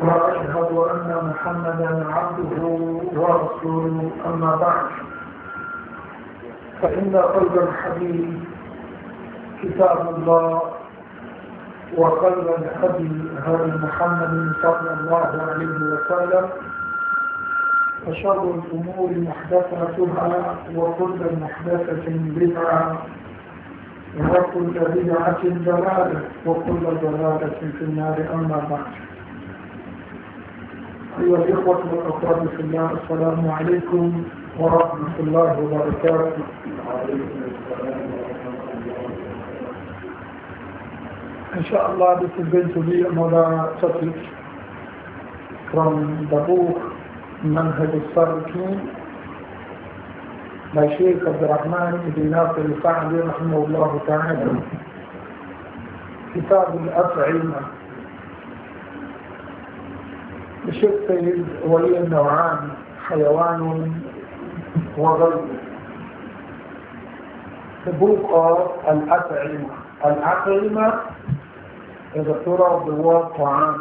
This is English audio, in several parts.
وأشهد أن محمدا عبده ورسوله أما بعد فإن قلب الحديث كتاب الله وقلب الهدي هذا محمد صلى الله عليه وسلم فشر الأمور محدثتها وكل محدثة بدعة وكل بدعة ضلالة وكل ضلالة في النار أما بعد أيها الإخوة والأخوات في الله السلام عليكم ورحمة الله وبركاته الله this is going to be another topic from the book منهج الصالحين by Sheikh عبد الرحمن بن ناصر الفعلي رحمه الله تعالى كتاب الأطعمة الشيخ سيد النوعان حيوان وغيره The book of al al is a plural of the word Ta'am.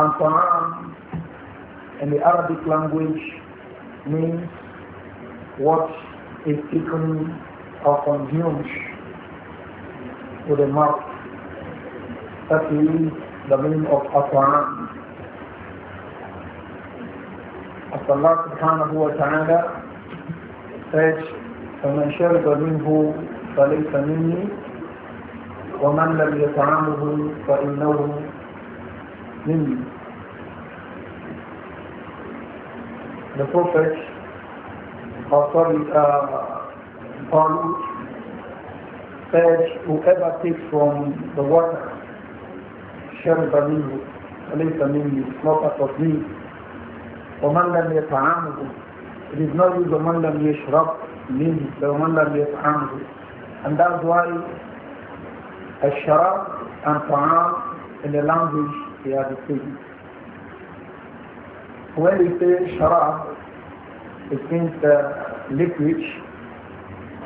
And Ta'am in the Arabic language means what is taken or consumed with the mouth. means the meaning of Aswan. As Allah subhanahu wa ta'ala says, فَمَنْ شَرِبَ مِنْهُ فَلَيْسَ مِنِّي وَمَنْ لَمْ يَطْعَمْهُ فَإِنَّهُ مِنِّي The Prophet, or sorry, uh, said, whoever takes from the water شرب منه وليس مني not out of me ومن لم يطعمه it is not with ومن yeshrab, min, منه ومن لم يطعمه and that's why الشراب and طعام in the language they are the same when we say sharab it means uh, liquid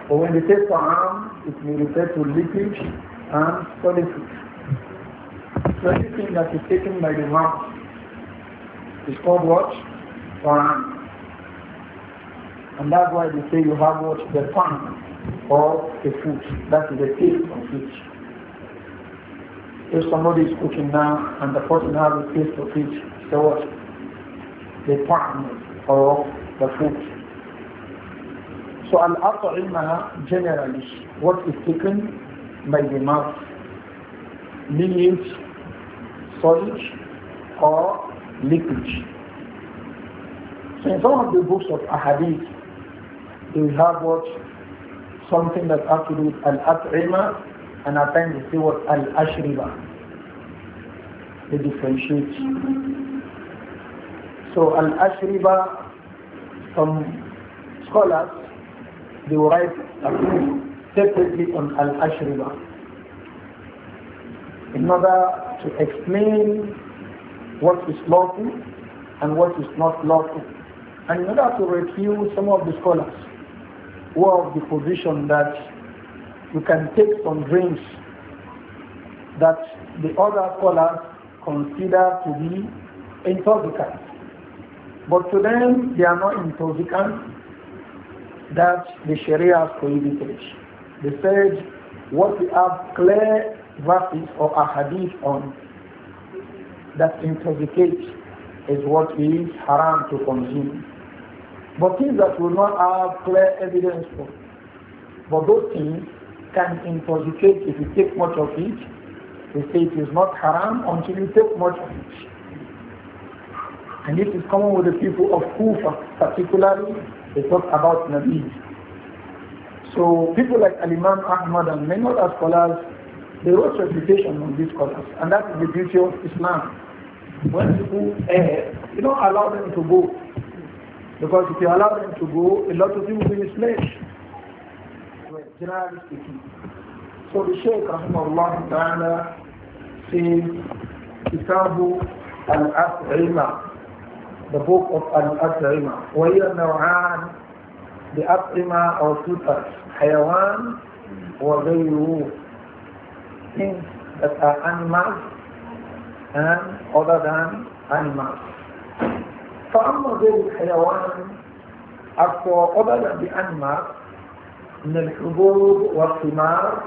or when we say ta'am it may refer to liquid and solid food Everything that is taken by the mouth is called what? Quran. And that's why they say you have what? The tongue or the food. That is the taste of it. If somebody is cooking now and the person has a taste of it, so what? The tongue or the food. So al-at'imah generally, what is taken by the mouth, meaning solid or leakage. So in some of the books of Ahadith, they will have what something that has to do with al-at'ima and at times they say what al-ashriba. They differentiate. So al-ashriba, some scholars, they write separately on al-ashriba. Another to explain what is lawful and what is not lawful. And in order to refute some of the scholars who are of the position that you can take some drinks that the other scholars consider to be intoxicants. But to them, they are not intoxicants that the Sharia has prohibited. They said what we have clear verses or a hadith on that intoxicates is what is haram to consume. But things that will not have clear evidence for. But those things can intoxicate if you take much of it. They say it is not haram until you take much of it. And this is common with the people of Kufa, particularly they talk about Nabi. So people like Al-Imam Ahmad and many other scholars they wrote reputation on these scholars, and that is the beauty of Islam. When people eh, you don't allow them to go. Because if you allow them to go, a lot of people will be misled. Generally speaking. So the Shaykh Rahimahullah Ta'ala says, Kitabu Al-As'ima, the book of Al-As'ima. وَهِيَ النَّوْعَانِ The As'ima or two types, حيوان وغيره things that are animals and other than animals. فأما غير الحيوان أقوى other than the animals من الحبوب والثمار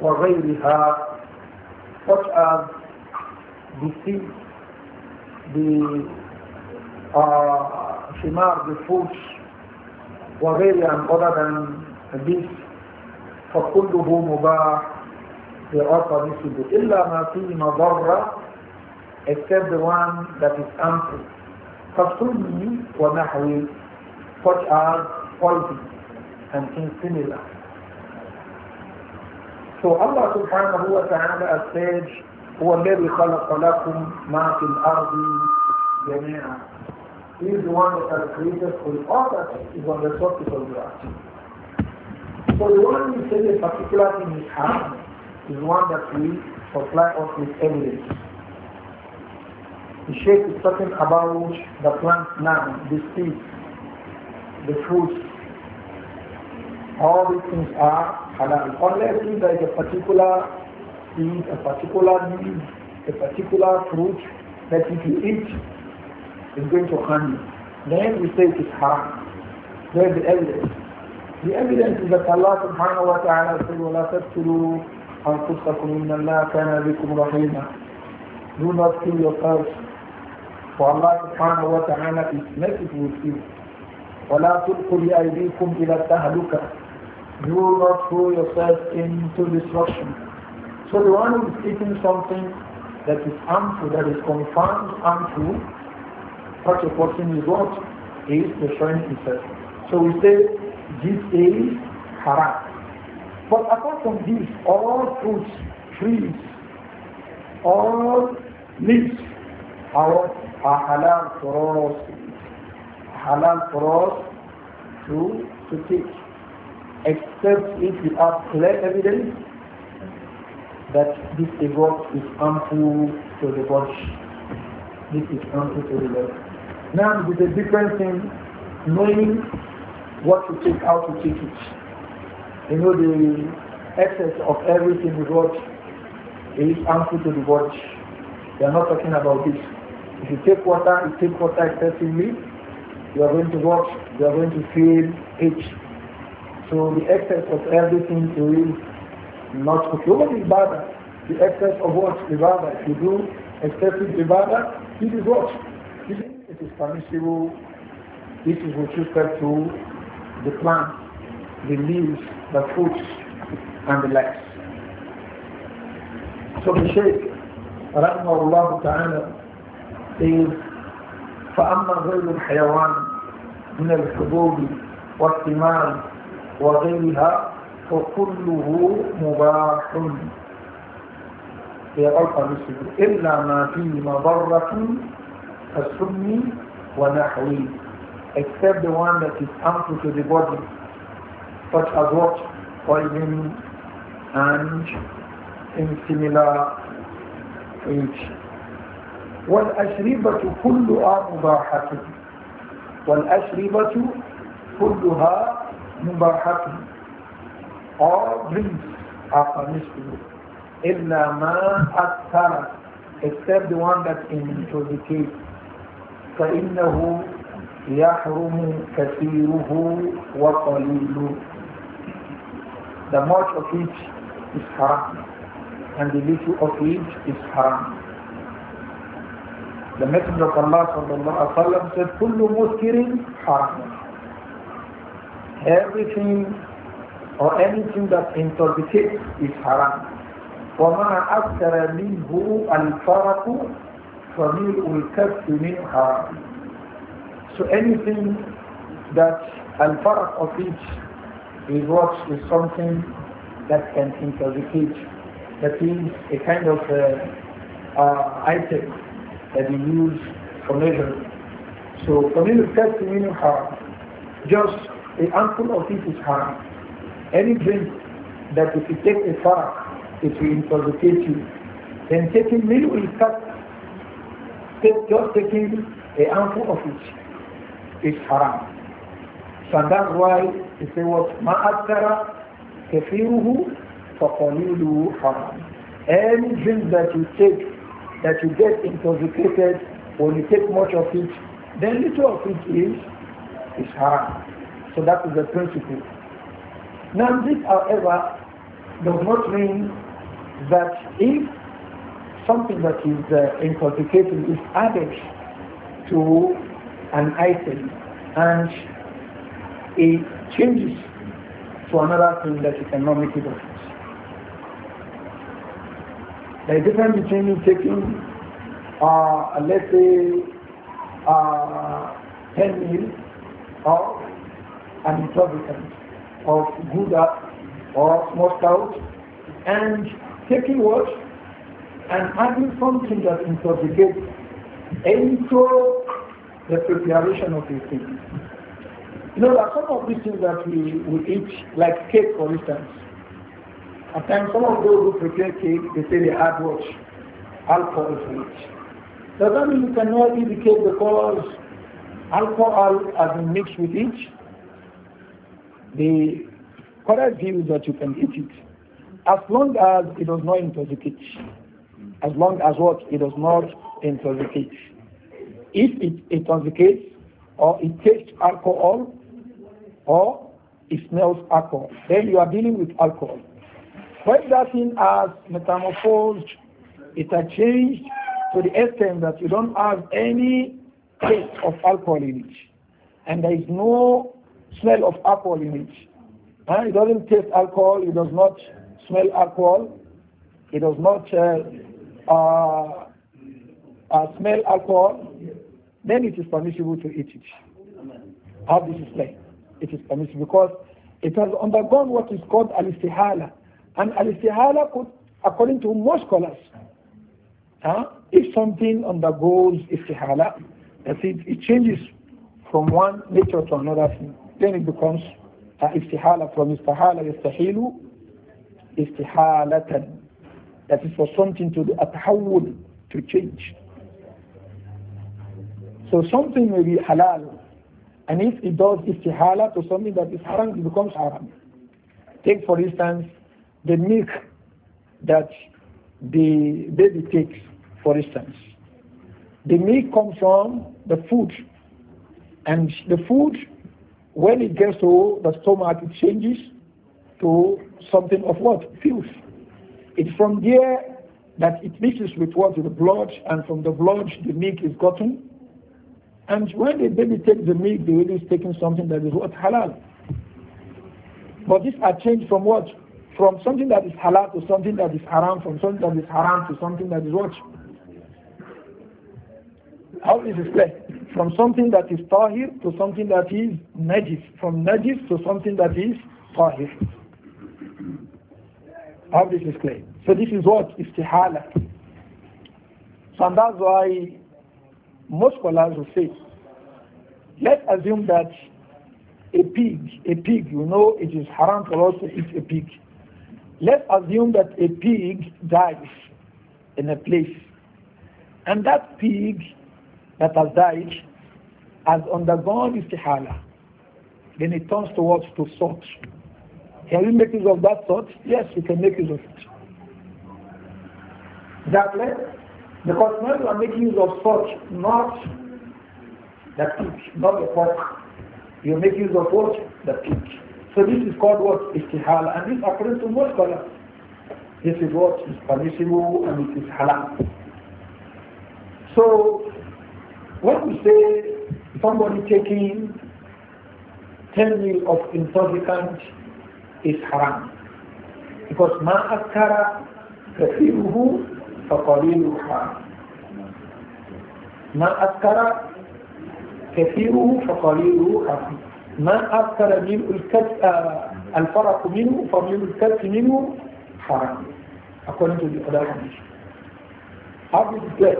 وغيرها such as the seeds, the uh, ثمار, the fruits وغيرها and other than this فكله مباح they are Illa ma مَا فِي مَضَرَّ except the one that is harmful. wa وَنَحْوِي such as poison and things similar. So Allah subhanahu wa ta'ala has said, هو الذي خلق لكم ما في الأرض جميعا. He is the one that has created all that is on the surface of the earth. So the one who says a particular thing is harmful, is one that will supply us with evidence. The Sheikh is talking about the plant now, the seeds, the fruits. All these things are halal. Unless if there is a particular seed, a particular leaf, a particular fruit that if you eat, is going to harm you. Then we say it is haram. There is the evidence? The evidence is that Allah subhanahu wa ta'ala said, وَلَا تَقْتُلُوا أنفسكم إن الله كان بكم رحيما Do not kill yourselves for Allah subhanahu wa ta'ala is merciful with you ولا تلقوا بأيديكم إلى التهلكة Do not throw yourself into destruction So the one who is eating something that is untrue, that is confirmed untrue, such a person is what is He is destroying himself. So we say, this is haram. But apart from this, all fruits, trees, all leaves are, are halal for us, halal for us to, to take, except if we have clear evidence that this event is harmful to the body. This is harmful to the body. Now, it is a different thing knowing what to take, how to take it. You know, the excess of everything we watch is what is harmful to the watch. We are not talking about this. If you take water, you take water excessively, you are going to watch. You are going to feel itch. So the excess of everything is not good. What is bad? The excess of what? bad. If you do excessive ibadah, this is what? it is permissible. This is with respect to the plant, the leaves, the food and the likes. So the Shaykh رحمه الله تعالى is فأما غير الحيوان من الحبوب والثمار وغيرها فكله مباح في غلط المسلم إلا ما فيه مضرة كالسم ونحوه except the one that is harmful to the body such as what? Poison and in similar age. والأشربة كلها مباحة والأشربة كلها مباحة all drinks are permissible إلا ما أكثر except the one that intoxicates فإنه يحرم كثيره وقليله the much of is haram and the little of is haram. The Messenger of Allah sallallahu wa wasallam said, "Kullu muskirin haram." Everything or anything that intoxicates is haram. وما أكثر منه الفرق فميل الكف من حرام. So anything that al-farq of it is with something that can That That is a kind of uh, uh, item that we use for measuring. So for me, the test Just a handful of is haram. Any drink that if you take a far, it will intoxicate you. Then taking meal will cut. Take, just taking a handful of is haram. So that's why he said what ma'akara kafiruhu haram. Any drink that you take, that you get intoxicated, when you take much of it, then little of it is, is haram. So that is the principle. Now this, however, does not mean that if something that is uh, intoxicating is added to an item and it changes to another thing that you cannot make it of. The difference between taking, uh, let's say, uh, 10 meals of an intoxicant of Gouda or Moscow and taking what? And adding something that intoxicates into the preparation of these thing. You know, that some of these things that we, we eat, like cake for instance, at times some of those who prepare cake, they say they add what? Alcohol to it. Does that mean you cannot eat the cake because alcohol has been mixed with it? The correct view is that you can eat it. As long as it does not intoxicate. As long as what? It does not intoxicate. If it intoxicates or it tastes alcohol, or it smells alcohol. Then you are dealing with alcohol. When that thing has metamorphosed, it has changed to the extent that you don't have any taste of alcohol in it. And there is no smell of alcohol in it. And it doesn't taste alcohol, it does not smell alcohol, it does not uh, uh, uh, smell alcohol, then it is permissible to eat it. How this is played it is permissible because it has undergone what is called al-istihala. And al-istihala could, according to most scholars, huh, if something undergoes istihala, that it, it changes from one nature to another thing, then it becomes uh, istihala from istihala yastahilu istihalatan. That is for something to atahawul, to change. So something may be halal and if it does istihala to something that is haram, it becomes haram. Take for instance the milk that the baby takes, for instance. The milk comes from the food. And the food, when it gets to the stomach, it changes to something of what? Filth. It's from there that it mixes with what? The blood, and from the blood the milk is gotten and when the baby takes the milk, the baby is taking something that is what? Halal. But these are changed from what? From something that is halal to something that is haram, from something that is haram to something that is what? How is this clear? From something that is tahir to something that is najis, from najis to something that is tahir. How this is clear? So this is what? Istihala. So and that's why most scholars will say, let's assume that a pig, a pig, you know, it is haram for us to eat a pig. Let's assume that a pig dies in a place. And that pig that has died has undergone istihala. Then it turns towards to salt. Can we make use of that salt? Yes, we can make use of it. that way, because now you are making use of such, not the peak, not the pork. You make use of what? The peak. So this is called what? Istihala. And this according to most scholars. This is what is permissible and it is halal. So when we say somebody taking 10 mil of intoxicant is haram. Because ma akara kafiruhu فقليلها من أذكر كثيره فقليله حسن من أذكر من الكت الفرق منه فمن الكت منه حرام according to the other How did it get?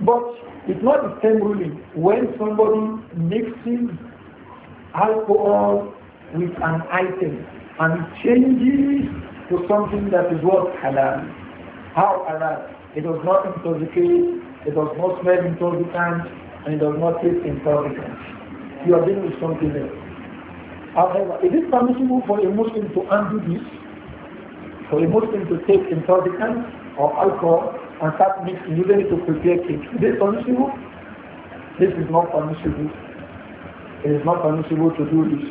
But it's not the same ruling when somebody mixes alcohol with an item and changes to something that is worth halal. How halal? It does not intoxicate, it does not made smell intoxicant, and it does not taste intoxicant. You are dealing with something else. However, is it permissible for a Muslim to undo this? For a Muslim to take intoxicant or alcohol and start mixing need to prepare cake. Is it permissible? This is not permissible. It is not permissible to do this.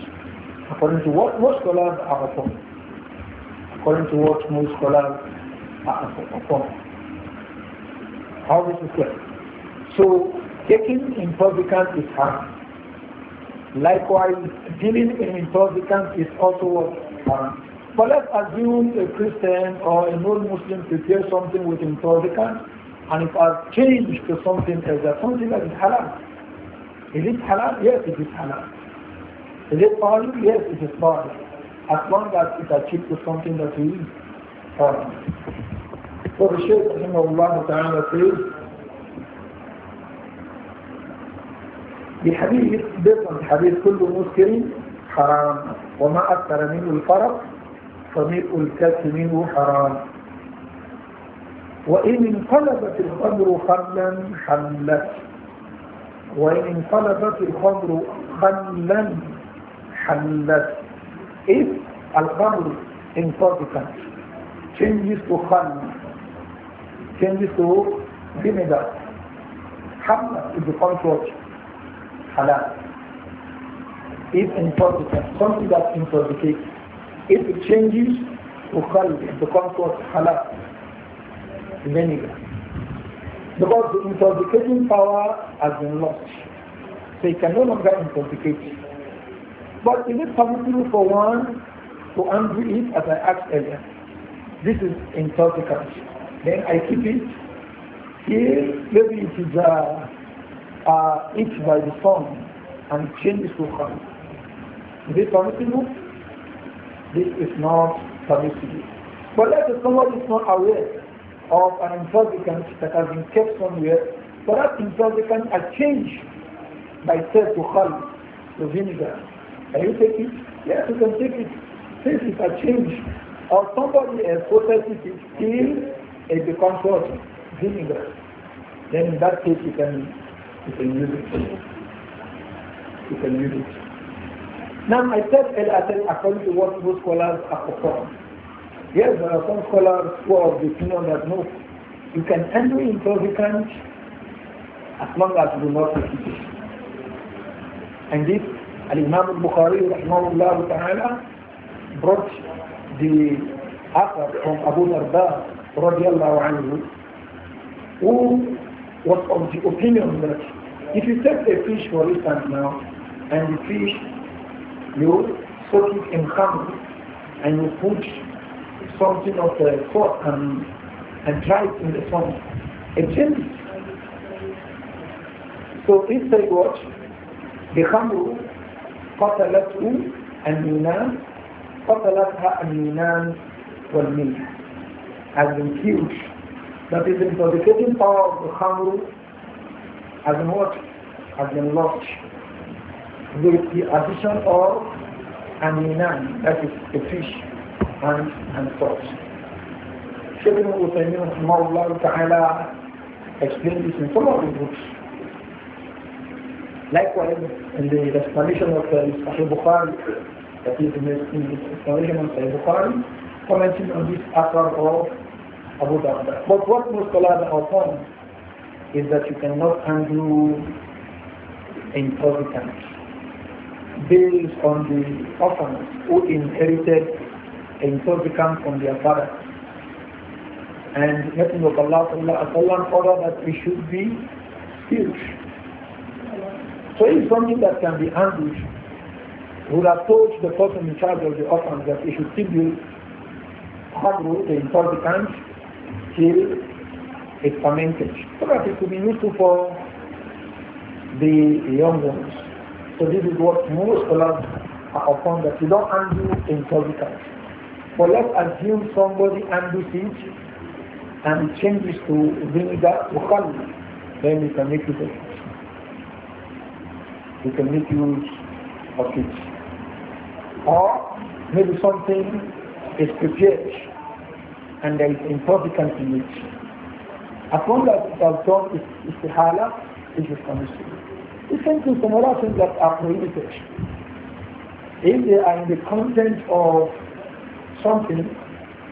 According to what most scholars are upon. According to what most scholars how this is clear. So taking intoxicant is harm. Likewise, dealing in intoxicant is also hard. harm. But let's assume a Christian or a non-Muslim prepares something with intoxicant and if has changed to something else. a something that is halal. Is it halal? Yes, it is halal. Is it valid? Yes, it is valid. As long as it achieves something that we eat. Uh, فبشير رحمه الله تعالى فيه بحديث بيضا الحديث كل مسكر حرام وما أكثر منه الفرق فمئ الكاس منه حرام وإن انقلبت الخمر خلا حلت وإن انقلبت الخمر خلا حلت إذ الخمر انقلبت changes to changes to vinegar. Hamna, is the what? Halal. If intoxicant, something that intoxicates, if it changes to khalb, the becomes Halal. Vinegar. Because the intoxicating power has been lost. So it can no longer intoxicate. But is it possible for one to undo it as I asked earlier? This is intoxicant then I keep it. here. maybe it is uh, uh, eaten by the sun and changes to Khan. Is it permissible? This is not permissible. But let us say somebody is not aware of an intoxicant that has been kept somewhere, but that intoxicant has changed by itself to Khan, to vinegar. Can you take it? Yes, you can take it. Since it has changed, or somebody has processes it, still it becomes what? Vinegar. Then in that case you can you can use it. You can use it. Now I said El Asad according to what most scholars are performed. Yes, there are some scholars who are of the opinion that no, you can handle intoxicant as long as you do not repeat it. And this Al-Imam al-Bukhari rahimahullah ta'ala brought the author from Abu Darda radiallahu anhu, who was of the opinion that if you take a fish for instance now, and the fish, you soak it in hammer, and you put something of the salt and, and try it in the sun, it changes. So they what? The hammer قتلته النينان قتلتها النينان والملح has been huge. That is, the intoxicating power of the Khamru has been what? Has been lost with the addition of an inan, that is the fish and, and salt. Shaykh ibn Uthaymeen ta'ala explained this in some of the books. Likewise, in the explanation of uh, Sahih Bukhari, that is in the explanation of Sahih Bukhari, commenting on this after of Abu Dawud. But what most scholars are upon is that you cannot handle inheritance based on the orphans who inherited inheritance from their father. And Messenger of Allah sallallahu ordered that we should be huge. So it's something that can be handled. We would have told the person in charge of the orphans that he should still be hadru, the intoxicant, till it's fermented. So that it could be useful for the young ones. So this is what most scholars are upon that you don't undo intoxicants. But let's assume somebody undoes it and changes to vinegar or khal, then you can make it a You can make use of it. Or maybe something is prepared and there is improvidence in it. Upon that it has done its istihala, it is permissible. The same thing some other things that are prohibited. If they are in the content of something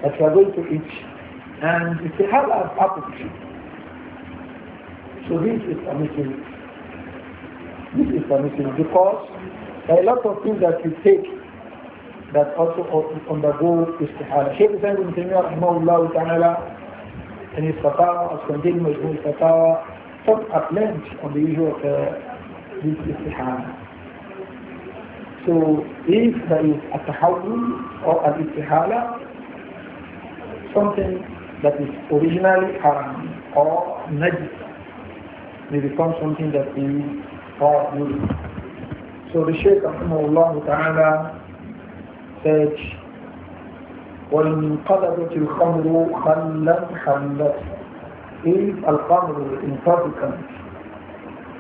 that you are going to eat, and istihala has happened, so this is permissible. This is permissible because a lot of things that you take that also undergo istihara. Shaykh Islam ibn Taymiyyah rahimahullah ta'ala in his fatawa as contained in Majmul fatawa took at length on the issue of this istihara. So if there is a tahawul or an istihala, something that is originally haram or najis may become something that is forbidden. So the Shaykh rahimahullah ta'ala said, وَانْقَلَبَتِ الْخَمْرُ خَلًّا حَلَّتْ If al-khamr, intoxicant,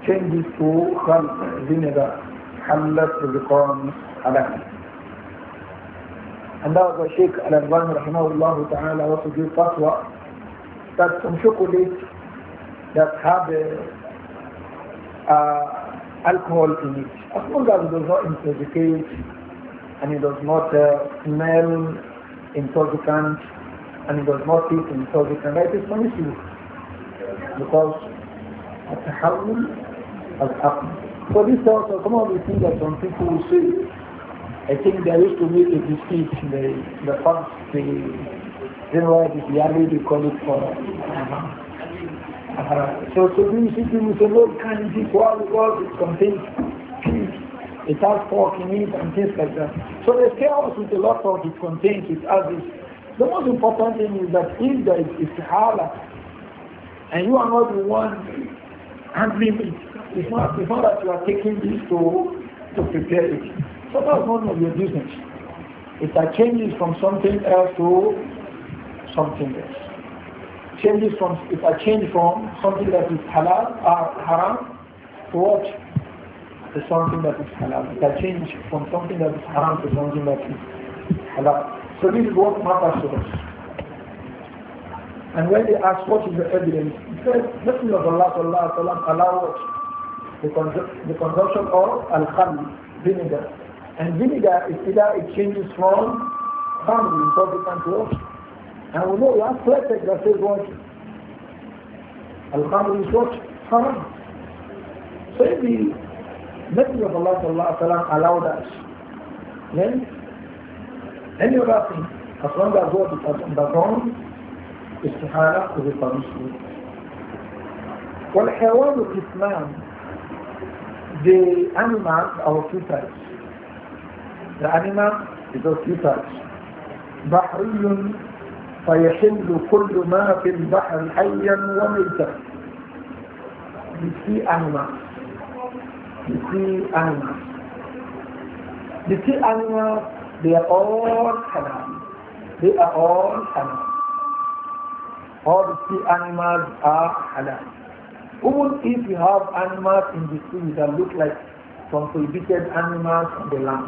changes to خَلْ, vinegar, حَلَّتْ becomes halal. And that was Sheikh Al-Albani rahimahullah ta'ala also gave fatwa that some chocolate that have uh, alcohol in it, as long as it does not intoxicate and it does not uh, smell intoxicant and it does not taste intoxicant, that is issue. Because at the tahawul has happened. So this also, some of the things that some people will say, I think they used to make a dispute in the, the past, the, general, know, the Yali, they call it for, uh, uh, so, so these people will say, no, can't be quality, it it has pork in it and things like that. So the chaos with a lot of it contains, it has The most important thing is that if there is halal, and you are not the one handling it, it's not, it's not that you are taking this to, to prepare it. So that's none of your business. It changes from something else to something else. Changes from, I change from something that is halal, uh, haram to what? to something that is halal. It can change from something that is haram to something that is halal. So this is what matters to us. And when they ask what is the evidence, he says, "Nothing of Allah Allah, Allah, Allah." sallam the, the consumption of al-khamr, vinegar. And vinegar is either it changes from khamr in Protestant words, and we know last letter that says what? Al-khamr is what? Haram. So if the Messenger of Allah sallallahu allowed us. Then, any of us, as long as what is the استحالة will be permissible. والحيوان الإسلام the animals are two types. The animal is of two types. بحري فيحل كل ما في البحر حيا وميتا. The animals the three animals. The three animals, they are all halal. They are all halal. All the three animals are halal. Even if you have animals in the sea that look like some prohibited animals on the land,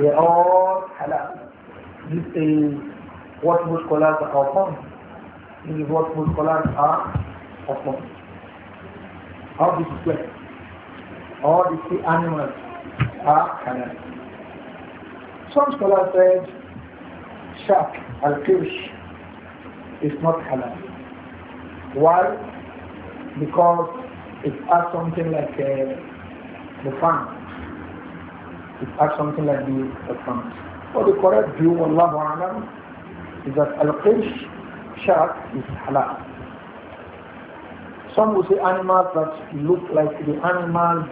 they are all halal. This is what most scholars are upon. This is what most scholars are upon. How you explain? all the animals are halal. Some scholars said shark, al-kirsh, is not halal. Why? Because it has something like a, the fang. It has something like the, the For So the correct view, Wallahu Alam, is that al-kirsh, shark, is halal. Some will say animals that look like the animals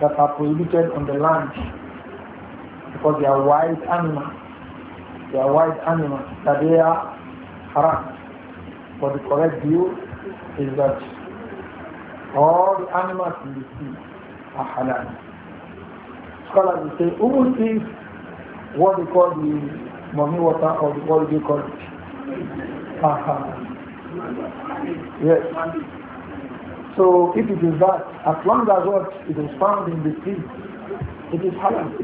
that are prohibited on the land because they are wild animals. They are wild animals that they are haram. But the correct view is that all the animals in the sea are halal. Scholars will say even if what they call the mummy water or the what they call it. Uh -huh. Yes. So if it is that, as long as what it is found in the sea, it is halal.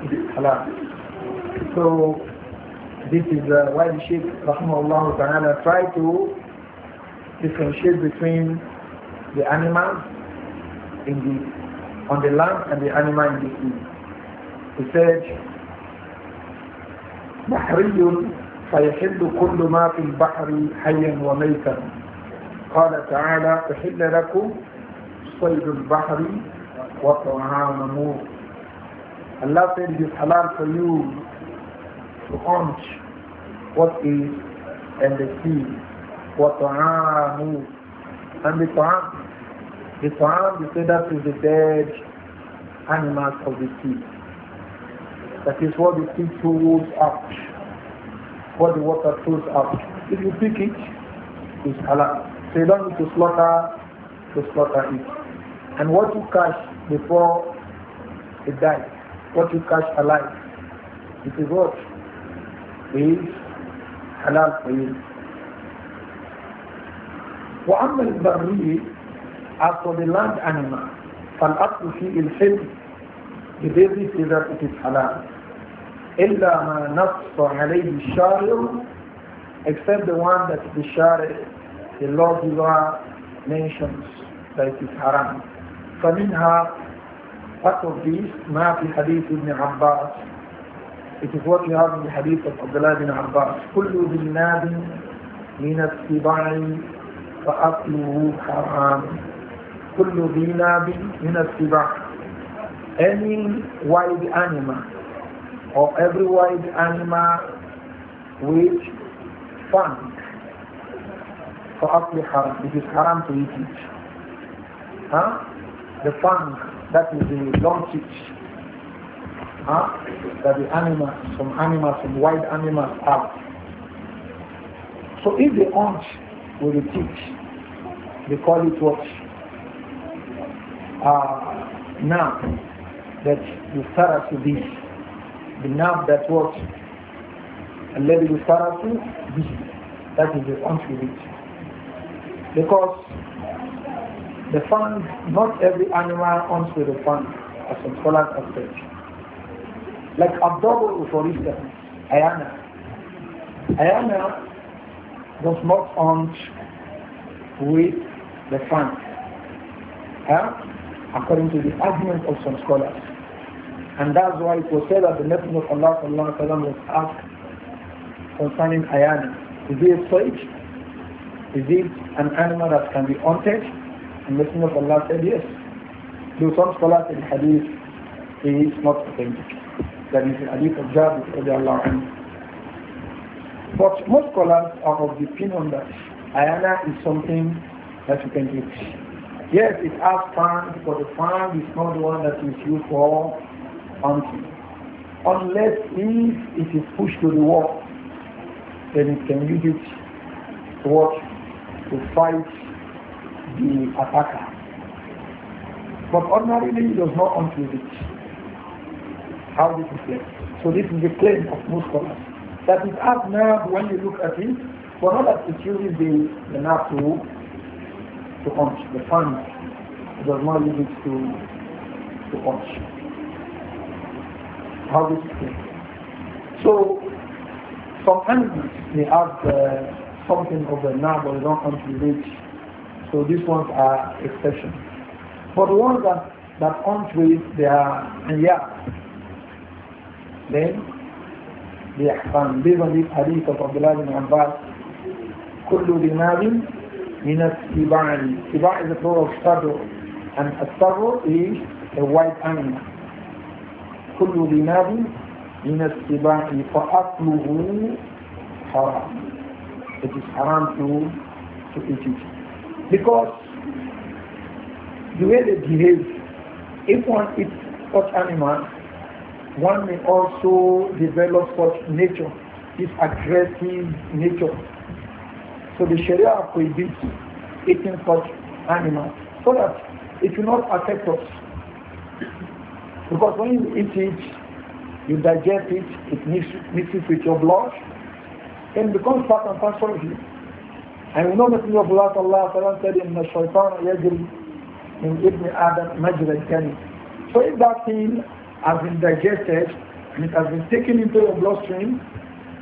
it is halal. So this is uh, why the Sheikh Rahimahullah Ta'ala tried to differentiate between the animals in the, on the land and the animal in the sea. He said, بحري فيحل كل ما في البحر حيا وميتا قال تعالى أحل لكم صيد البحر وطعامه Allah said it is halal for you to hunt what is in the sea وطعامه and the طعام the طعام the say that is the dead animals of the sea that is what the sea throws up what the water throws up if you pick it it's halal so you don't need to slaughter to slaughter it. And what you catch before it dies, what you catch alive, it is what is halal for you. وأما البري as for the land animal فالأصل في الحلم the basis is that it is halal إلا ما نص عليه الشارع except the one that the shariah the lawgiver mentions that it is haram. فمنها part of this ما في حديث ابن عباس it is what you have in the hadith of Abdullah bin Abbas كل ذناب من السباع فأكله حرام كل ذناب من السباع any wild animal or every wild animal which fun for Asli Haram. It is haram to eat it. Huh? The fang, that is the long teeth. Huh? That the animals, some animals, some wild animals have. So if they hunt with the teeth, they call it what? Uh, ah, now that you start to this. The nerve that what? الذي يفترس به that is the unfulfilled because the fang, not every animal hunts with a fang, as some scholars have said. Like Abdul, for instance, Ayana. Ayana does not hunt with the fang. Huh? According to the argument of some scholars. And that's why it was said that the Messenger of Allah was asked concerning Ayana. Is he a sage? Is it an animal that can be haunted? And the Messenger of Allah said yes. Do some scholars in hadith, he is not authentic. That is the hadith of Jabir But most scholars are of the opinion that ayana is something that you can eat. Yes, it has fang, but the fang is not the one that is used for hunting. Unless if it is pushed to the wall, then it can use it to watch to fight the attacker. But ordinarily, he does not conclude it. How this is left. So this is the claim of most scholars. That is up now when you look at it, for not that it uses the, the nerve to, to punch, the punch. It does not use it to, to punch. How this is left. So, some animals, they have uh, something of the now, but they don't reach, So these ones are exception. But the ones that, that aren't with, they are, and yeah, then they are found. Based on this hadith of Abdullah bin Abbas, كل دماغ من السباع السباع is a plural of shadow and الصبر is a white animal كل دماغ من السباع فأصله حرام it is haram to, to eat it. Because the way they behave, if one eats such animal, one may also develop such nature, this aggressive nature. So the Sharia prohibits eating such animals so that it will not affect us. Because when you eat it, you digest it, it mixes with your blood, and becomes part and parcel of you. And we know that Messenger of Allah, Allah said in the shaitan yajri in Ibn Adam majra al So if that thing has been digested and it has been taken into your bloodstream,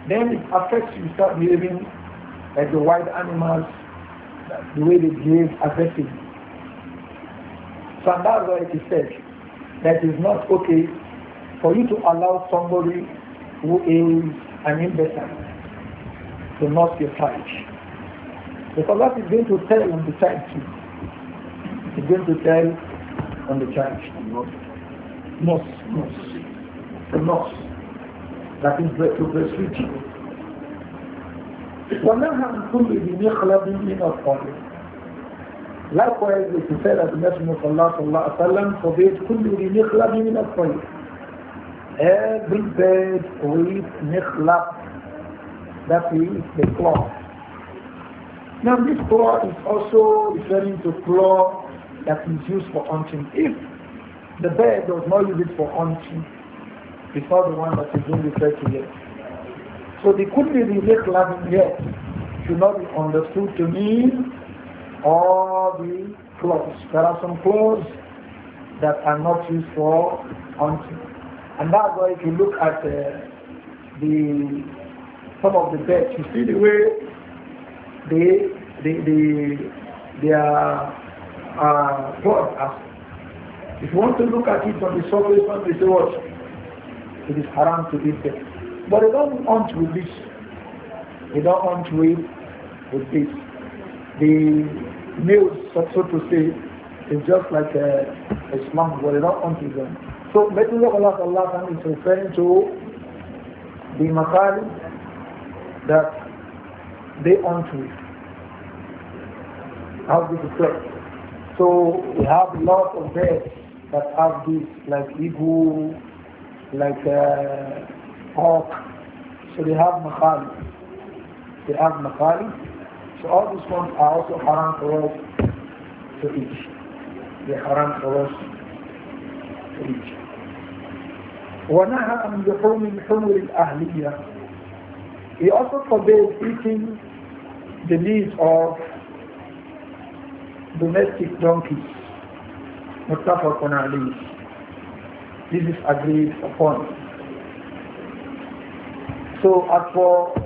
then it affects you start behaving like the wild animals, the way they behave aggressively. So that's why it is said that it's not okay for you to allow somebody who is an imbecile to not be tried. Because is going to tell on the child too. It's going to tell on the child. Nos, nos. The nos. That is the, to the switch. ونهى عن كل ذي مخلب من الطريق Likewise, it is said that the Messenger of Allah sallallahu alayhi wa forbade kullu bi mikhlabi min al Every bed with mikhlab that is the claw. Now this claw is also referring to claw that is used for hunting. If the bear does not use it for hunting, it's not the one that is being referred to here. So the kudni "the loving here should not be understood to mean all the claws. There are some claws that are not used for hunting. And that's why if you look at uh, the some of the beds. You see the way they they they they are uh, broadcast. If you want to look at it from the surface, one will say what it is haram to eat them. But they don't want with this. They don't want to eat with this. The meals, so, to say, is just like a, a smug, but they don't want to them. So Messenger Allah, Allah is referring to the makarim that they want to have this effect. So we have a lot of birds that have this, like eagle, like uh, hawk. So they have makhali. They have makhali. So all these ones are also haram for us to eat. They haram for us to eat. ونهى عن لحوم الحمر الأهلية he also forbade eating the leaves of domestic donkeys, muttafaqun This is agreed upon. So as for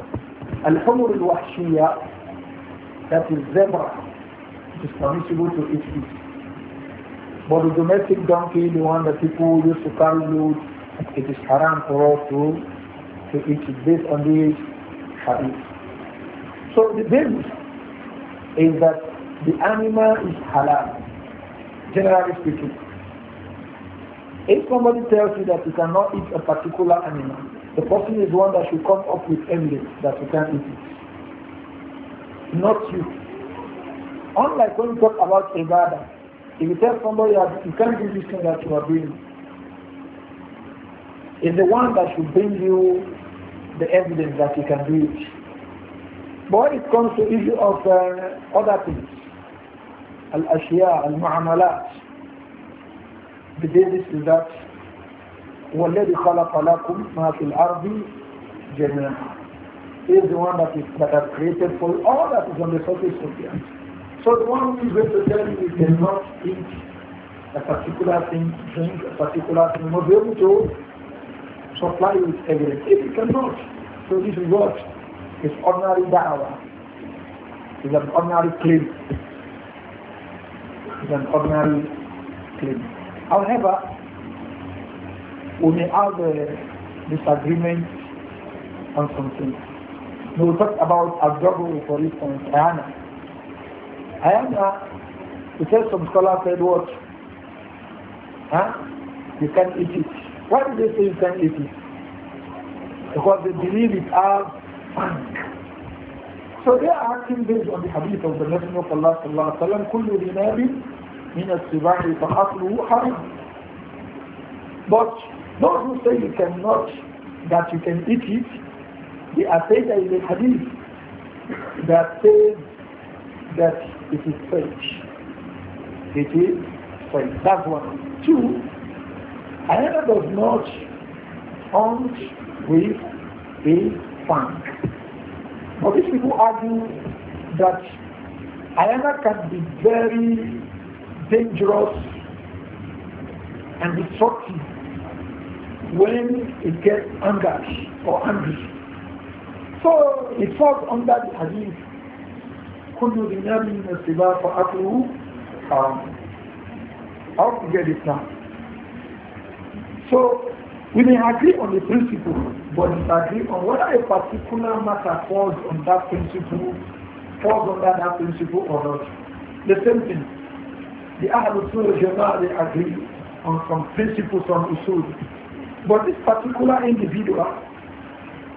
al-humur al-wahshiya, that is zebra, it is permissible to eat it. But the domestic donkey, the one that people use to carry loot, it is haram for us to, to eat it based on this hadith. So the basis is that the animal is halal, generally speaking. If somebody tells you that you cannot eat a particular animal, the person is one that should come up with evidence that you can eat it. Not you. Unlike when you talk about ibadah, if you tell somebody that you can't do this thing that you are doing, is the one that should bring you the evidence that you can do it. But when it comes to issue of uh, other things, al-ashya, al-mu'amalat, the basis is that وَالَّذِي خَلَقَ لَكُمْ مَا فِي الْأَرْضِ جَمِيعًا is the one that is that has created for all that is on the surface of the earth. So the one who is going to tell you you cannot eat a particular thing, drink a particular thing, not be able to supply with everything. If you cannot, so this is what is ordinary da'wah. It's an ordinary claim. It's an ordinary claim. However, we may have a disagreement on something. We will talk about Abdul, for instance, Ayana. Ayana, it says some scholar said what? Huh? You can't eat it. Why do they say you can't eat it? Because they believe it as bank. So they are acting based on the hadith of the Messenger of Allah sallallahu alaihi wasallam. كل من But those who say you cannot, that you can eat it, they are saying that in the hadith that says that it is fake. It is fake. That's one. Two, Another does not hunt with a fang. But these people argue that Ayana can be very dangerous and destructive when it gets angered or angry. So it falls under the hadith. كل دينار من السباع فأكله حرام. How to get it now? So we may agree on the principle, but disagree on whether a particular matter falls on that principle, falls under that principle or not. The same thing. The Ahlul Sunnah generally agree on some principles on usul. But this particular individual,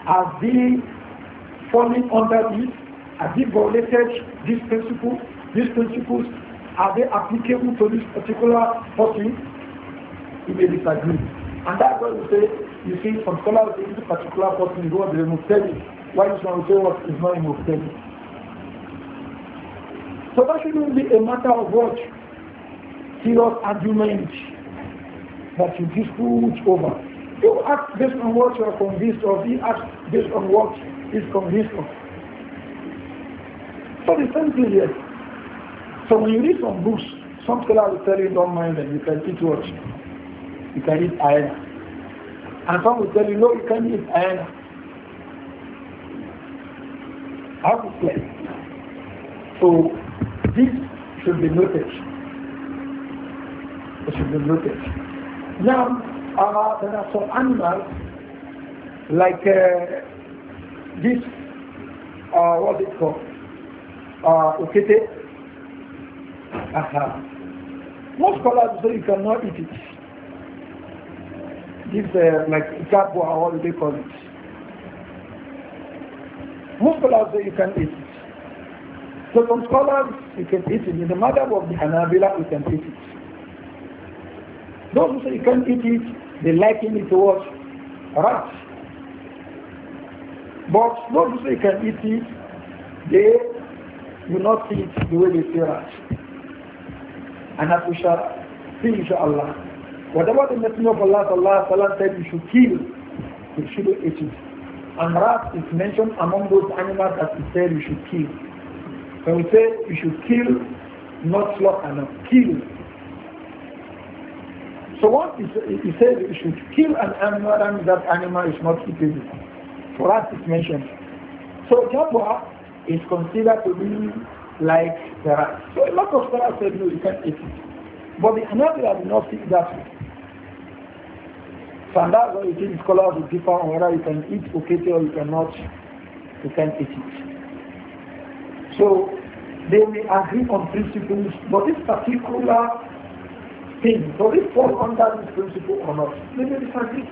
has been falling under this? Has been violated this principle? These principles, are they applicable to this particular person? You may disagree. And that's why we say, you see, from scholars in this particular person is what is tell Muqtadi. Why is one say what is not a So that shouldn't be a matter of what? Serious argument that you dispute over. You act based on what you are convinced of, he acts based on what is convinced of. So the same thing here. So when you read some books, some scholars will tell you don't mind and you can teach what you can eat air. And some will tell you, no, you can't eat air. How to play. So this should be noted. It should be noted. Now, uh, there are some animals like uh, this, uh, what's it called? Uh, okete. Uh -huh. Most scholars say you cannot eat it this uh, like Jabu or what they call it. Most you can eat it. So some scholars you can eat it. In the matter of the Hanabila you can eat it. Those who say you can't eat it, they liken it to Rats. But those who say you can eat it, they will not eat the way they say rats. And that we shall see inshallah. Whatever the Messenger of Allah Allah said you should kill, you should eat it. And rat is mentioned among those animals that he said you should kill. When we say you should kill, not slaughter, not kill. So what he said you should kill an animal and that animal is not eatable. For us it's mentioned. So Jabwa is considered to be like the rat. So a lot of scholars said no, you can't eat it. But the another have not seen that way. So and that's why you see the scholars will differ on whether you can eat okete or you cannot, you can eat it. So they may agree on principles, but this particular thing, does it fall under this principle or not? They may disagree.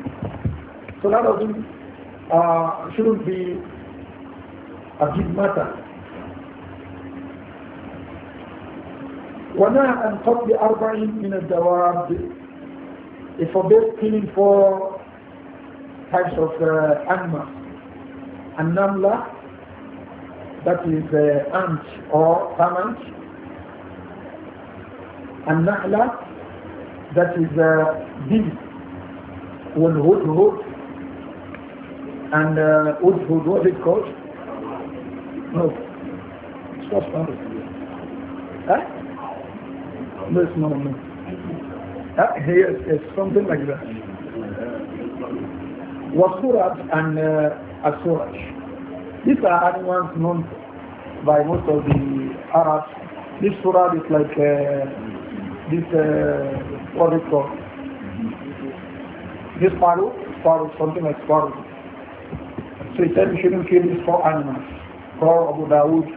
So that doesn't, uh, shouldn't be a big matter. ونهى أن قتل أربع من الدواب It forbids killing four types of uh, animals. Anamla, that is uh, ant or termite. Annahla, that is uh, bee. Walhudhud, and uh, udhud, what is it called? No. It's not standard. Huh? No, it's not. No. Uh, something like that. Wasurat and uh, Asuraj. These are animals known by most of the Arabs. This surah is like uh, this, uh, what is called? This paru, paru, something like paru. So he said we shouldn't kill these four animals. Four Abu Dawood,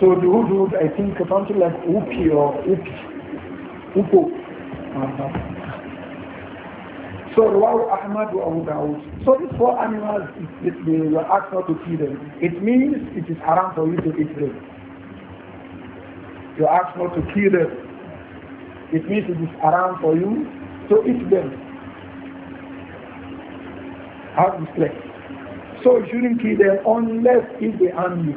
so the Hudud, I think something like Upi or Upi. So Rawahu Ahmad wa Abu So these four animals, it, they were asked not to kill them. It means it is haram for you to eat them. You asked not to kill them. It means it is haram for you to eat them. Have this flex. So you shouldn't kill them unless if they harm you.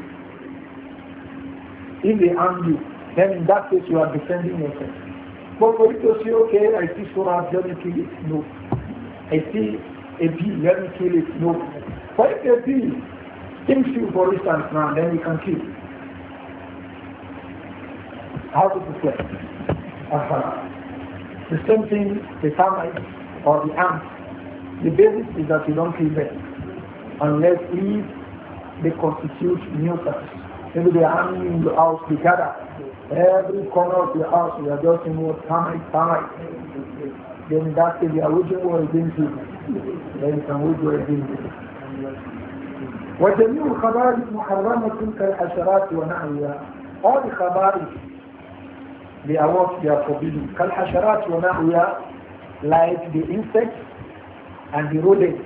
If they harm you, then in that case you are defending yourself for you to okay, I see Surah, let me kill it, no. I see a bee, let kill it, no. But if you, for instance, now, then you can keep? How to protect? Uh-huh. The same thing, the termite or the ant. The basis is that you don't kill them unless if they constitute nuisance. Maybe they are in the house, they Every corner of the house, we are just in what time, time. Then that is the original are waging you. Then you can wage war against you. وجميع الخبائث محرمة كالحشرات ونحوها. All the khabari, they are what they are forbidden. كالحشرات ونحوها, like the insects and the rodents.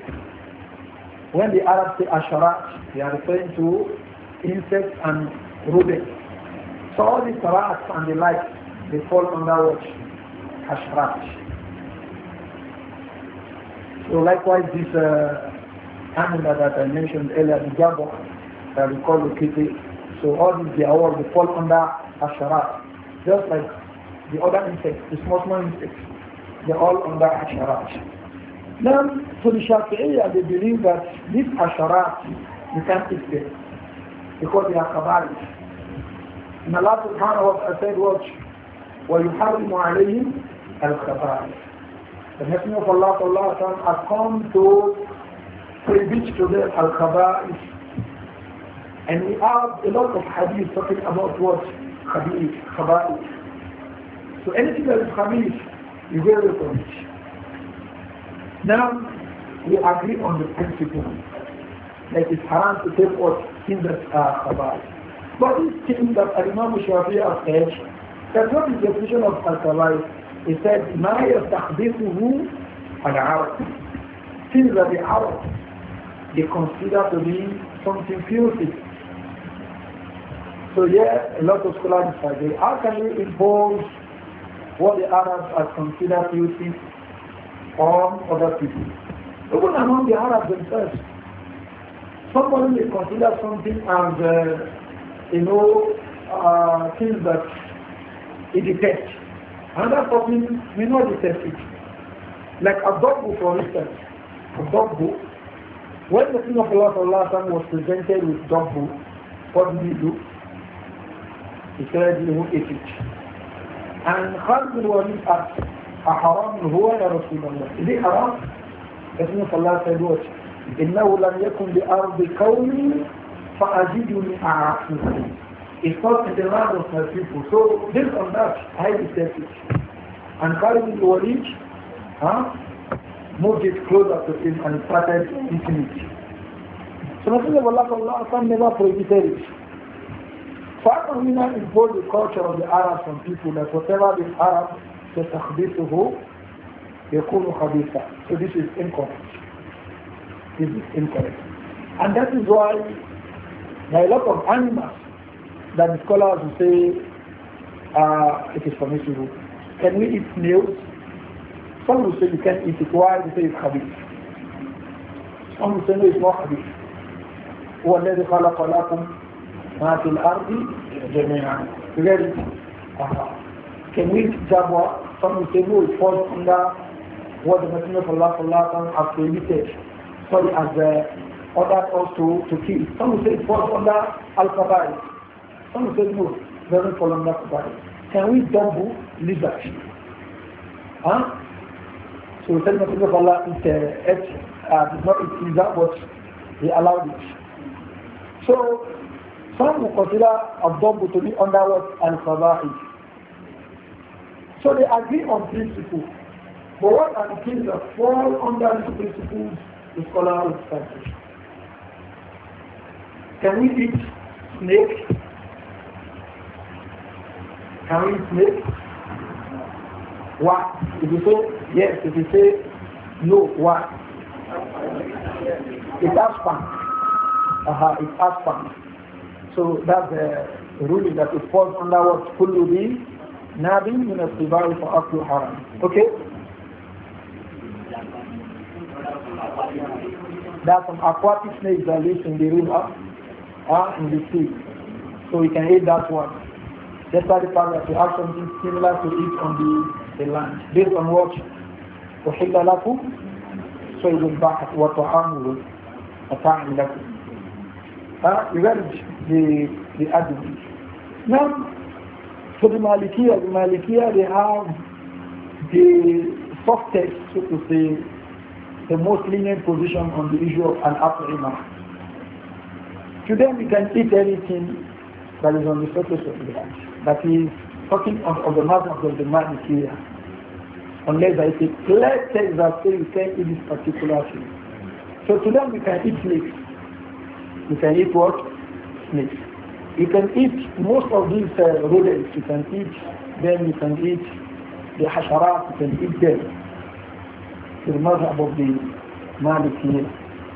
When the Arabs say asharat, they are referring to insects and rodents. So all these rats and the like, they fall under what? Ashraf. So likewise this uh, animal that I mentioned earlier, the jabber, that we call the kitty, so all these they are all, they fall under Ashraf. Just like the other insects, the small small insects, they all under Ashraf. Now, for the Shafi'iyya, they believe that these asharat, you can't eat them because they are kabaris. And Allah subhanahu wa ta'ala said, watch, وَيُحَرِّمُ عَلَيْهِمْ الْخَبَائِ The Messenger of Allah sallallahu alayhi wa sallam has come to prohibit to the al-khaba'is. And we have a lot of hadith talking about what? Khabith, khaba'is. So anything that is hadith, you go away from it. Now, we agree on the principle that it's haram to take what things that are khaba'is. But this thing that Imam Shafi has said, that not the definition of al-kabair? He said, ما يستحدثه العرب. Things that the Arab, they consider to be something filthy. So yeah, a lot of scholars say, How can you impose what the Arabs are considered filthy on other people? Even among the Arabs themselves, somebody may consider something as uh, you know, uh, things that it detects. Another person may not detect it. Like a dog book, for instance. A dog book. When the King of Allah Allah, Alaihi was presented with dog book, what did he do? He said, you ate it. And Khalid bin Walid asked, أحرام هو يا رسول الله؟ إذا حرام؟ النبي صلى الله عليه وسلم إنه لم يكن بأرض كوني فأجدني أعافيه He fought in the land of my people. So based on that, I it. And Khalid bin Walid huh, moved it closer to him and started eating it. So Messenger of Allah never prohibited it. Far we now impose the culture of the Arabs and people that whatever the Arabs says تخبيثه يكون خبيثا. So this is incorrect. This is incorrect. And that is why there are a lot of animals that the scholars will say uh, it is permissible. Can we eat nails? Some will say you can eat it. Why? They say it's habit. Some will say no, it's not habit. هو الذي خلق لكم ما في الأرض جميعا. You get it? Uh, can we eat jaguar? Some will say no, it falls under what the Messenger of Allah has as the ordered us to, to kill. Some say it falls under Al-Qabai. Some say no, it doesn't fall under Qabai. Can we double liberty? Huh? So the Messenger of Allah it, uh, it's not it is that what he allowed it. So some will consider double to be under what Al-Qabai. So they agree on principle. But what are the things that fall under these principles, the scholar will establish. Can we eat snake? Can we eat snake? What? If you say yes, if you say no, what? It's aspan. It has fun. So that's the ruling that it falls under what? Kullu bi nabi, min al-sibari for aklu haram. Okay? That's an aquatic snake that lives in the river uh, in the sea. So we can eat that one. That's why the father to have something similar to eat on the, the land. Based on what? we have So we will back what we to harm you. You got the the argument. Now, for the Malikiya, the Malikiya, they have the softest, so to say, the most lenient position on the issue of an upper Today we can eat anything that is on the surface of the earth. That is talking of, the matter of the here. Unless I say, let's that thing, can eat this particular thing. So today we can eat snakes. We can eat what? Snakes. You can eat most of these uh, rodents. You can eat them. You can eat the hasharat. You can eat them. The mazhab of the Maliki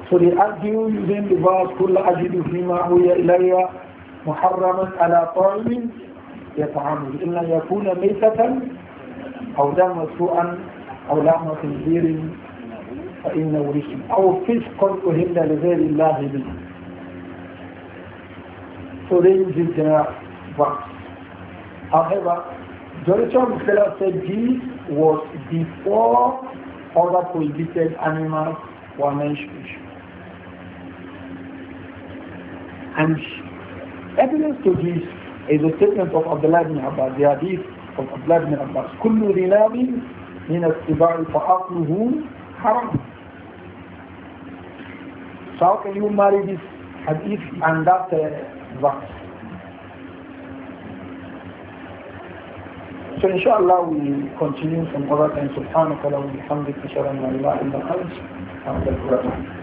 So they argue using the verse كل أجد فيما أوي إلي محرما على طعم يطعمه إلا يكون ميتة أو دم سوءا أو لحم خنزير فإنه رجم أو فسق أهل لغير الله به. So they use their verse. However, Jonathan Musella said this was before other prohibited animals were mentioned. And evidence to this is a statement of Abdullah ibn Abbas, the hadith of Abdullah ibn Abbas. كل ذناب من السباع فأصله حرام. So how can you marry this hadith and that uh, So inshallah we continue from other time. سبحانك اللهم وبحمدك أشهد أن لا إله إلا أنت أستغفرك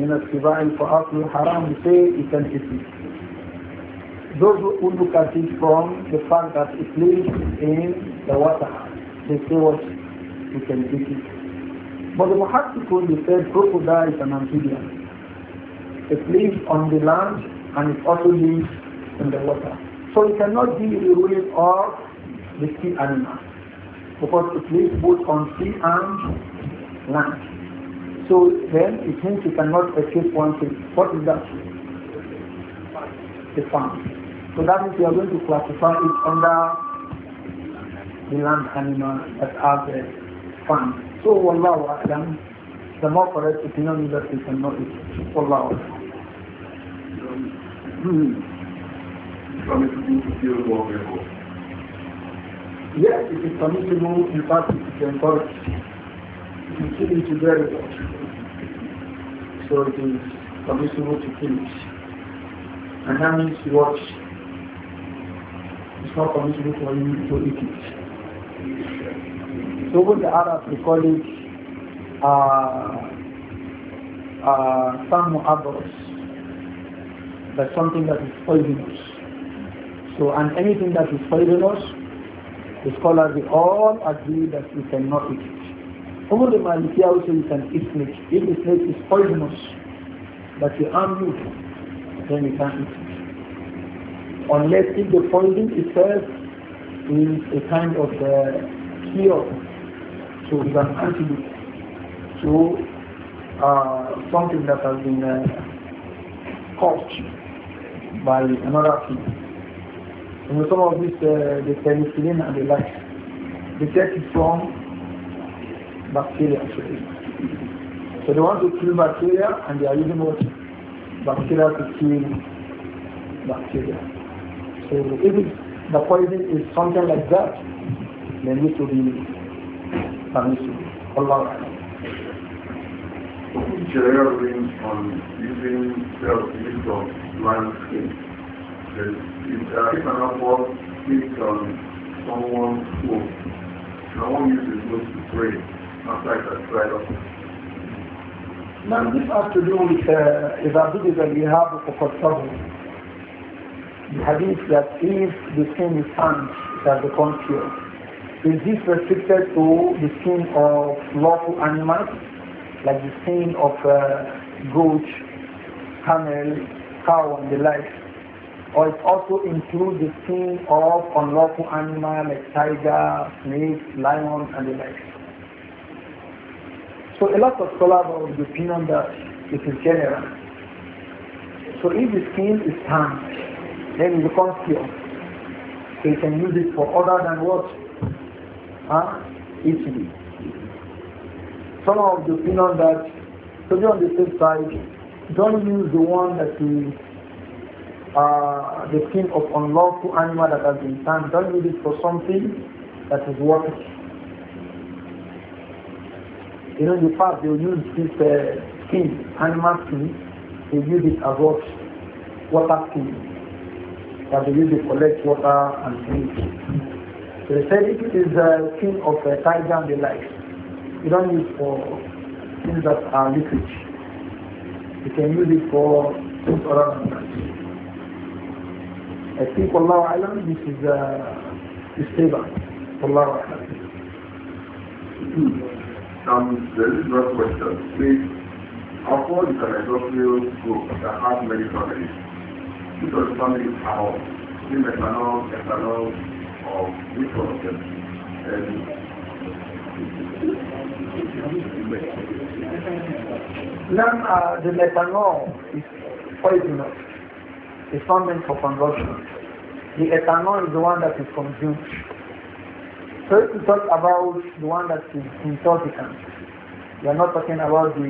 من السباع for us, we say it's eat it. Those who look at it from the fact that it lives in the water, they say what you can eat it. But the Muhakkikun, they said crocodile is an amphibian. It lives on the land and it also lives in the water. So it cannot be the ruling of the sea animal because it lives both on sea and land. So then it means you cannot achieve one thing. What is that? The farm. So that means you are going to classify it under the land animal as are the farm. So wallahu a'lam, the more correct opinion is that you cannot achieve. Wallahu a'lam. Hmm. Yes, it is permissible, in fact, it is encouraged. You see, it's very important so it is permissible to finish, And that means watch. It's not permissible for you to eat it. So what the Arabs they call it uh, uh, some uh, That's something that is poisonous. So and anything that is poisonous, the scholars they all agree that we cannot eat it. Some of the Malikiya also you can eat snake. If the snake is poisonous, but you harm you, then you can't eat it. Unless if the poison itself is a kind of uh, cure, so it's an antidote. So uh, something that has been uh, caused by another thing. You know, some of this, uh, the penicillin and the like, they take it from bacteria to So they want to kill bacteria and they are using what? Bacteria to kill bacteria. So if the poison is something like that, then it will be permissible. Allah. Sharia range on using the use of landscape. If uh, if an apple hits on someone's foot, someone uses those to pray. Now this has to do with uh, we have الإهاب فقدته the hadith that if the skin is sand, that the pure. Is this restricted to the skin of lawful animals, like the skin of uh, goat, camel, cow, and the like? Or it also includes the skin of unlawful animal like tiger, snake, lion, and the like? So a lot of scholars are of the opinion that it is general. So if the skin is tan, then it becomes pure. So you can use it for other than what? Huh? Easily. Some of the opinion that, to be on the safe side, don't use the one that is uh, the skin of unlawful animal that has been tanned. Don't use it for something that is worthless. You know, the past they use this uh, skin, animal skin, they use it as what? Water skin. That they use to collect water and drink. So they said if it is the uh, skin of a tiger and like, you don't use for things that are liquid. You can use it for things other than I think Allah Island, this is uh, the is Allah some religious questions which afford an industrial group that has many families. These are the families are all in methanol, ethanol, or which one of them. And now uh, the methanol is poisonous. It's not meant for consumption. The ethanol is the one that is consumed. So we talk about the one that is intoxicant, We are not talking about the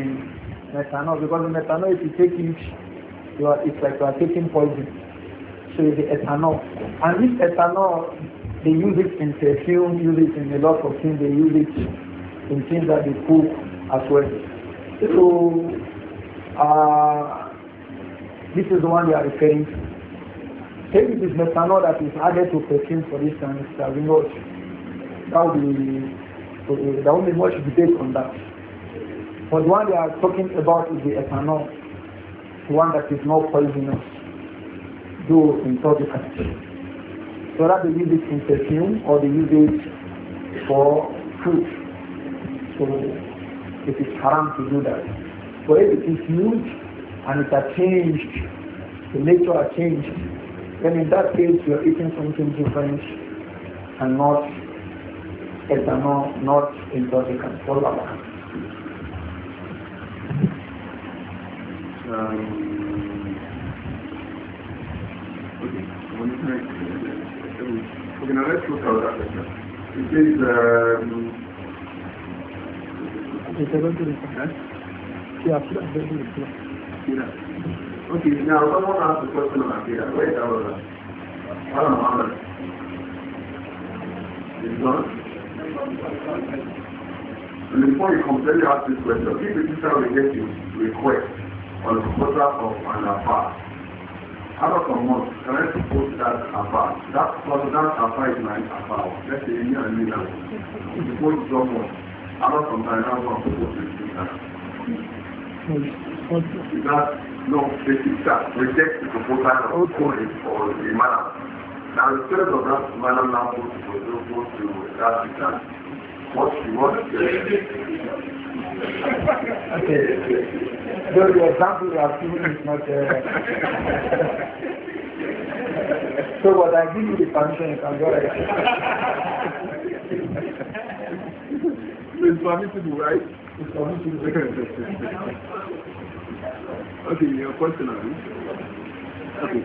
methanol because the methanol, if you take it, you are, it's like you are taking poison. So the ethanol, and this ethanol, they use it in perfume, use it in a lot of things. They use it in things that they cook as well. So uh, this is the one we are referring to. Take this methanol that is added to perfume, for instance, that we know that would be, uh, there won't be much debate on that. But the one they are talking about is the ethanol, the one that is not poisonous, though in surgical. So that they use it in perfume or they use it for food. So it is haram to do that. But if it is used and it has changed, the nature has changed, then in that case you are eating something different and not it's now not into the control of Um, okay. okay, now let's look at that It is, um, okay, now someone asked a question on Akira. Where is our, I don't know, Is it And before you completely ask this question, if the teacher rejects your request on the proposal of an affair, out of a month, can I propose that affair? That proposal, that affair is my affair. Let's say me and me now. Propose someone. Out of some time, I'm going to propose to the Is that, no, the teacher rejects the proposal of okay. for the man. Now instead of that madam now goes to go to that what she wants Okay. the example you have given is not there. Uh, so what I give you the permission, you can go ahead. It's permissible, right? It's permissible. okay, your question, are you? Okay.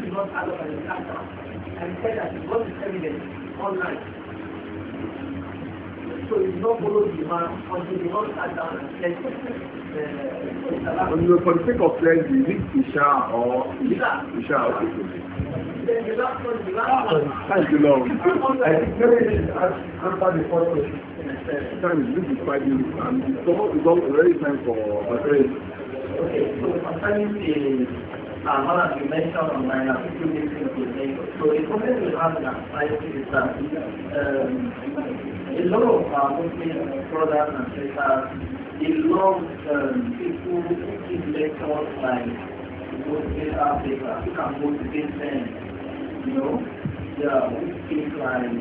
still is not allowed in the after. And he said that God is evident online. So he did not follow the man until the man sat down and said, on the for the sake of clarity, is it Isha or Isha? Isha, okay. Then the Thank you, Lord. I think maybe answer the first question. Time is this is five and it's already time for a prayer. Okay, so concerning the uh, one of you mentioned online are people listening to the So the problem we have that, our society is that a lot of our that brothers and sisters, they love people who give lectures like Africa, who can motivate them, you know, yeah, who like,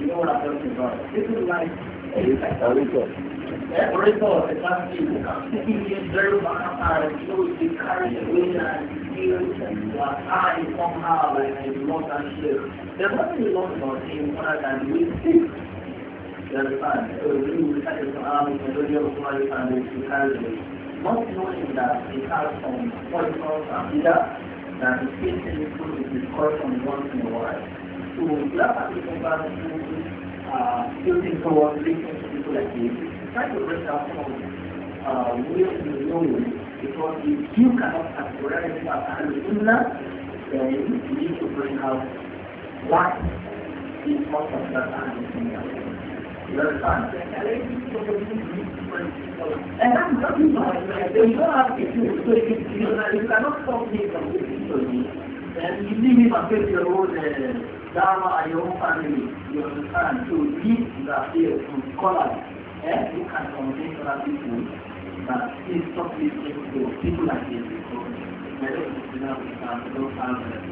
you know what I'm talking about. like, Every thought is not people. It's their mind should be carried away and somehow like a more than sure. There's nothing wrong about him other than we see There's time. So we will kind army and the of my family to carry Not knowing that he has some poisons and either that the same thing could be once in a while. So that uh, still thinks people like this try to break down some of uh, ways to know because if you cannot categorize it as Ahlul-Sunnah, then we need to bring out what is not considered Ahlul-Sunnah. You understand? And I'm talking about you don't have to do it. if you, you cannot stop me from listening to me, then you leave me and take your own uh, dharma and your own family. You understand? So these are here from scholars eh, you can convince other people, but please stop to people like this because whether it's enough to have no time enough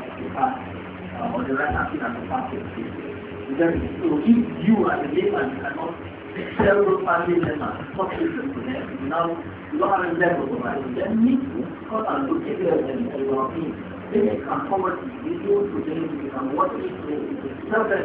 to pass uh, or the right action and the path of Because so if you as a layman cannot tell your family member, stop listening to them, now you don't have a level of right, then need to come and look at them and your opinion they can forward these to them, you can watch it, you can sell them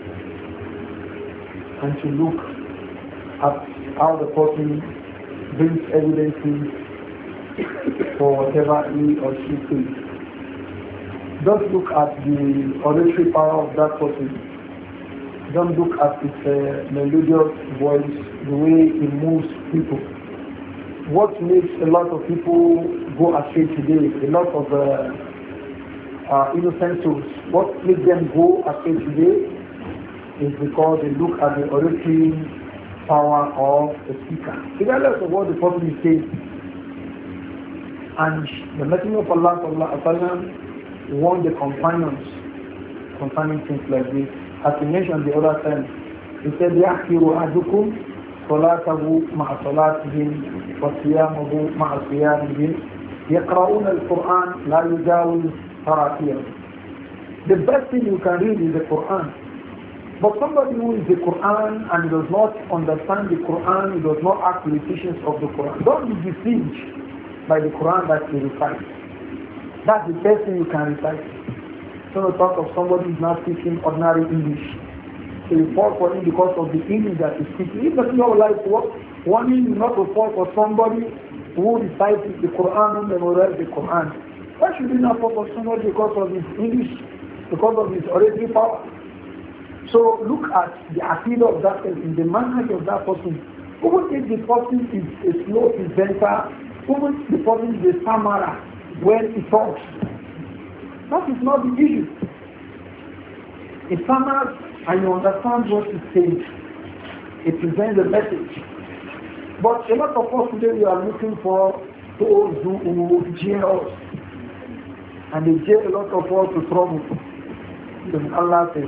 and to look at how the person brings evidence for whatever he or she thinks. Don't look at the auditory power of that person. Don't look at his uh, melodious voice, the way he moves people. What makes a lot of people go astray today, a lot of uh, uh, innocent souls, what makes them go astray today is because they look at the oratory power of the speaker. Regardless of what the person is saying. And the Messenger of Allah وسلم, warned the companions concerning things like this. As he mentioned the other time, he said, يَحْكِرُ أَحْدُكُمْ صلاته مع صلاتهم وصيامه مع صيامهم يقرؤون القرآن لا يجاوز فراتيهم The best thing you can read is the Quran but somebody who is the Quran and does not understand the Quran, does not act the teachings of the Quran, don't be deceived by the Quran that you recite. That's the best thing you can recite. So the talk of somebody who is not speaking ordinary English. So you fall for him because of the English that he speaks. If that's your life one is not to fall for somebody who recites the Quran and memorizes the Quran. Why should you not fall for somebody because of his English, because of his oratory power? So look at the appeal of that person, the manhood of that person. Even if the person is a slow presenter, even if the person is a stammerer when he talks, that is not the issue. A stammers and you understand what he's saying. It presents a message. But a lot of us today we are looking for those who jail us. And they jail a lot of us to trouble. Because Allah says,